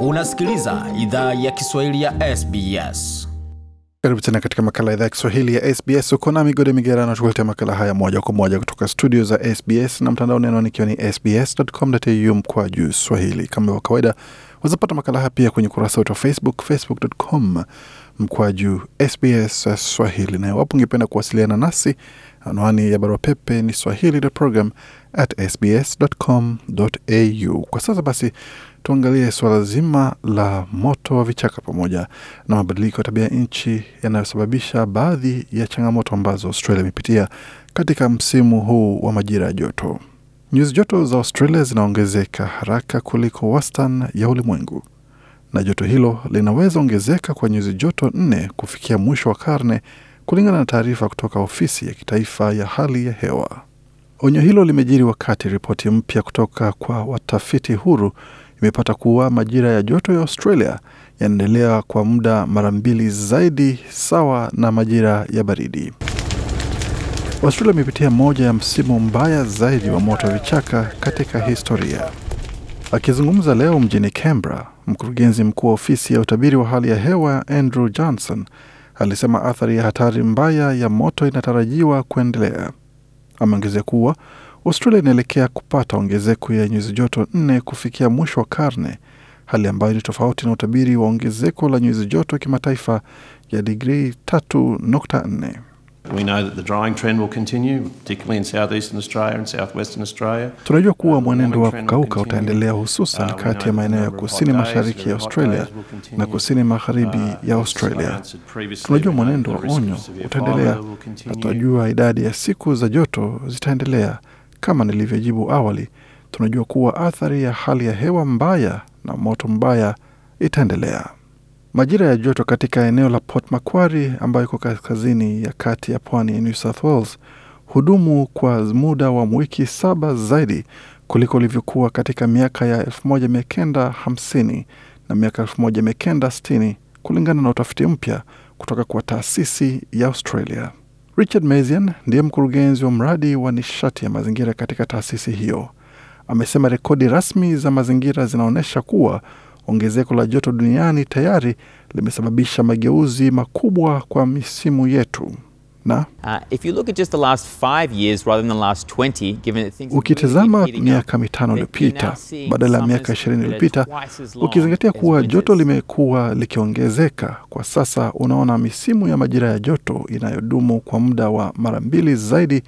Unasikiliza idhaa ya Kiswahili ya SBS. Karibu tena katika makala idhaa ya Kiswahili ya SBS. Uko na Migode Migerano tukuletea makala haya moja kwa moja kutoka studio za SBS na mtandao neno nikiwa ni sbs.com.au mkwa juu swahili. Kama kawaida, wazapata makala haya pia kwenye ukurasa wetu wa Facebook, facebook.com juu SBS Swahili. Na iwapo ungependa kuwasiliana nasi, anwani ya barua pepe ni swahili.program@sbs.com.au. Kwa sasa basi, tuangalie suala zima la moto wa vichaka pamoja na mabadiliko ya tabia nchi yanayosababisha baadhi ya changamoto ambazo Australia imepitia katika msimu huu wa majira ya joto. Nyuzi joto za Australia zinaongezeka haraka kuliko wastani ya ulimwengu, na joto hilo linaweza ongezeka kwa nyuzi joto nne kufikia mwisho wa karne, kulingana na taarifa kutoka ofisi ya kitaifa ya hali ya hewa. Onyo hilo limejiri wakati ripoti mpya kutoka kwa watafiti huru imepata kuwa majira ya joto ya Australia yanaendelea kwa muda mara mbili zaidi sawa na majira ya baridi. Australia imepitia moja ya msimu mbaya zaidi wa moto vichaka katika historia. Akizungumza leo mjini Canberra, mkurugenzi mkuu wa ofisi ya utabiri wa hali ya hewa Andrew Johnson alisema athari ya hatari mbaya ya moto inatarajiwa kuendelea. Ameongezea kuwa Australia inaelekea kupata ongezeko ya nyuzi joto nne kufikia mwisho wa karne, hali ambayo ni tofauti na utabiri wa ongezeko la nyuzi joto kimataifa ya digrii 3.4. Tunajua kuwa mwenendo wa kukauka utaendelea hususan uh, kati ya maeneo ya kusini mashariki ya Australia na kusini magharibi uh, ya Australia. Tunajua uh, mwenendo wa onyo utaendelea na tunajua idadi ya siku za joto zitaendelea kama nilivyojibu awali, tunajua kuwa athari ya hali ya hewa mbaya na moto mbaya itaendelea. Majira ya joto katika eneo la Port Macquarie ambayo iko kaskazini ya kati ya pwani ya New South Wales hudumu kwa muda wa wiki saba zaidi kuliko ilivyokuwa katika miaka ya 1950 na miaka 1960 kulingana na utafiti mpya kutoka kwa taasisi ya Australia. Richard Mazian ndiye mkurugenzi wa mradi wa nishati ya mazingira katika taasisi hiyo. Amesema rekodi rasmi za mazingira zinaonyesha kuwa ongezeko la joto duniani tayari limesababisha mageuzi makubwa kwa misimu yetu. Uh, ukitazama miaka mitano iliyopita badala ya miaka ishirini iliyopita, ukizingatia kuwa joto limekuwa likiongezeka kwa sasa, unaona misimu ya majira ya joto inayodumu kwa muda wa mara mbili zaidi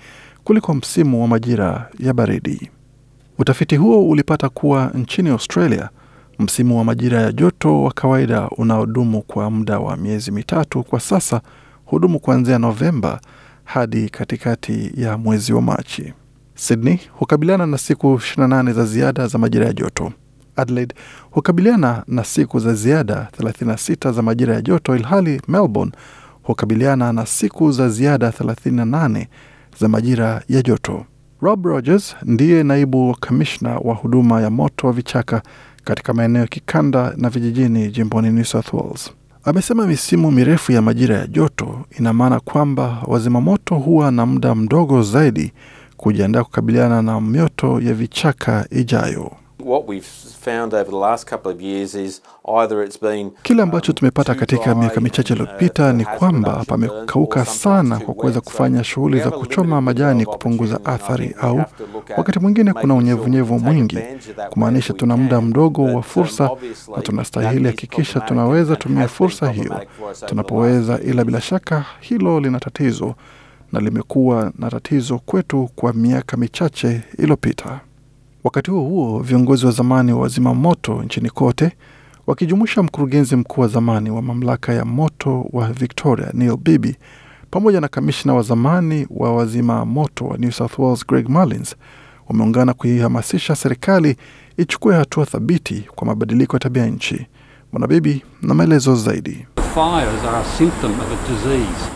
kuliko msimu wa majira ya baridi. Utafiti huo ulipata kuwa nchini Australia msimu wa majira ya joto wa kawaida unaodumu kwa muda wa miezi mitatu kwa sasa hudumu kuanzia Novemba hadi katikati ya mwezi wa Machi. Sydney hukabiliana na siku 28 za ziada za majira ya joto. Adelaide hukabiliana na siku za ziada 36 za majira ya joto, ilhali Melbourne hukabiliana na siku za ziada 38 za majira ya joto. Rob Rogers ndiye naibu kamishna wa huduma ya moto wa vichaka katika maeneo ya kikanda na vijijini jimboni New South Wales. Amesema misimu mirefu ya majira ya joto ina maana kwamba wazimamoto huwa na muda mdogo zaidi kujiandaa kukabiliana na mioto ya vichaka ijayo. Kile ambacho um, tumepata katika miaka michache iliyopita uh, ni kwamba pamekauka sana kwa kuweza um, kufanya shughuli za kuchoma majani kupunguza um, athari, au wakati mwingine kuna unyevunyevu mwingi, kumaanisha tuna muda mdogo wa fursa, na tunastahili hakikisha tunaweza tumia fursa hiyo tunapoweza, ila bila shaka hilo lina tatizo na limekuwa na tatizo kwetu kwa miaka michache iliyopita. Wakati huo huo, viongozi wa zamani wa wazima moto nchini kote wakijumuisha mkurugenzi mkuu wa zamani wa mamlaka ya moto wa Victoria Neil Bibby pamoja na kamishna wa zamani wa wazima moto wa New South Wales Greg Mullins wameungana kuihamasisha serikali ichukue hatua thabiti kwa mabadiliko ya tabia nchi. mwanabibi Bibi na maelezo zaidi.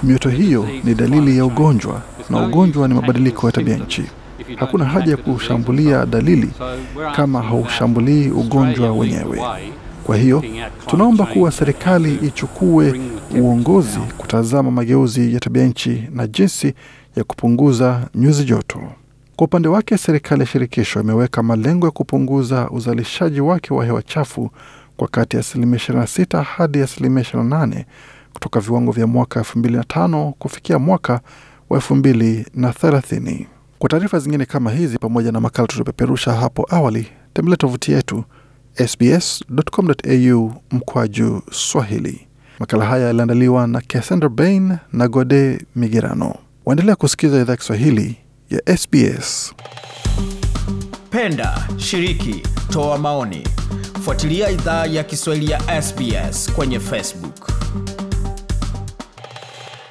Mioto hiyo ni dalili ya ugonjwa na ugonjwa ni mabadiliko ya tabia nchi. Hakuna haja ya kushambulia dalili kama haushambulii ugonjwa wenyewe. Kwa hiyo tunaomba kuwa serikali ichukue uongozi kutazama mageuzi ya tabia nchi na jinsi ya kupunguza nyuzi joto. Kwa upande wake, serikali ya shirikisho imeweka malengo ya kupunguza uzalishaji wake wa hewa chafu kwa kati ya asilimia 26 hadi asilimia 28 kutoka viwango vya mwaka 2005 kufikia mwaka wa 2030. Kwa taarifa zingine kama hizi pamoja na makala tuliopeperusha hapo awali, tembelea tovuti yetu sbs.com.au mkwaju Swahili. Makala haya yaliandaliwa na Cassandra Bain na Gode Migerano. Waendelea kusikiliza idhaa Kiswahili ya SBS. Penda, shiriki, toa maoni, fuatilia idhaa ya Kiswahili ya SBS kwenye Facebook.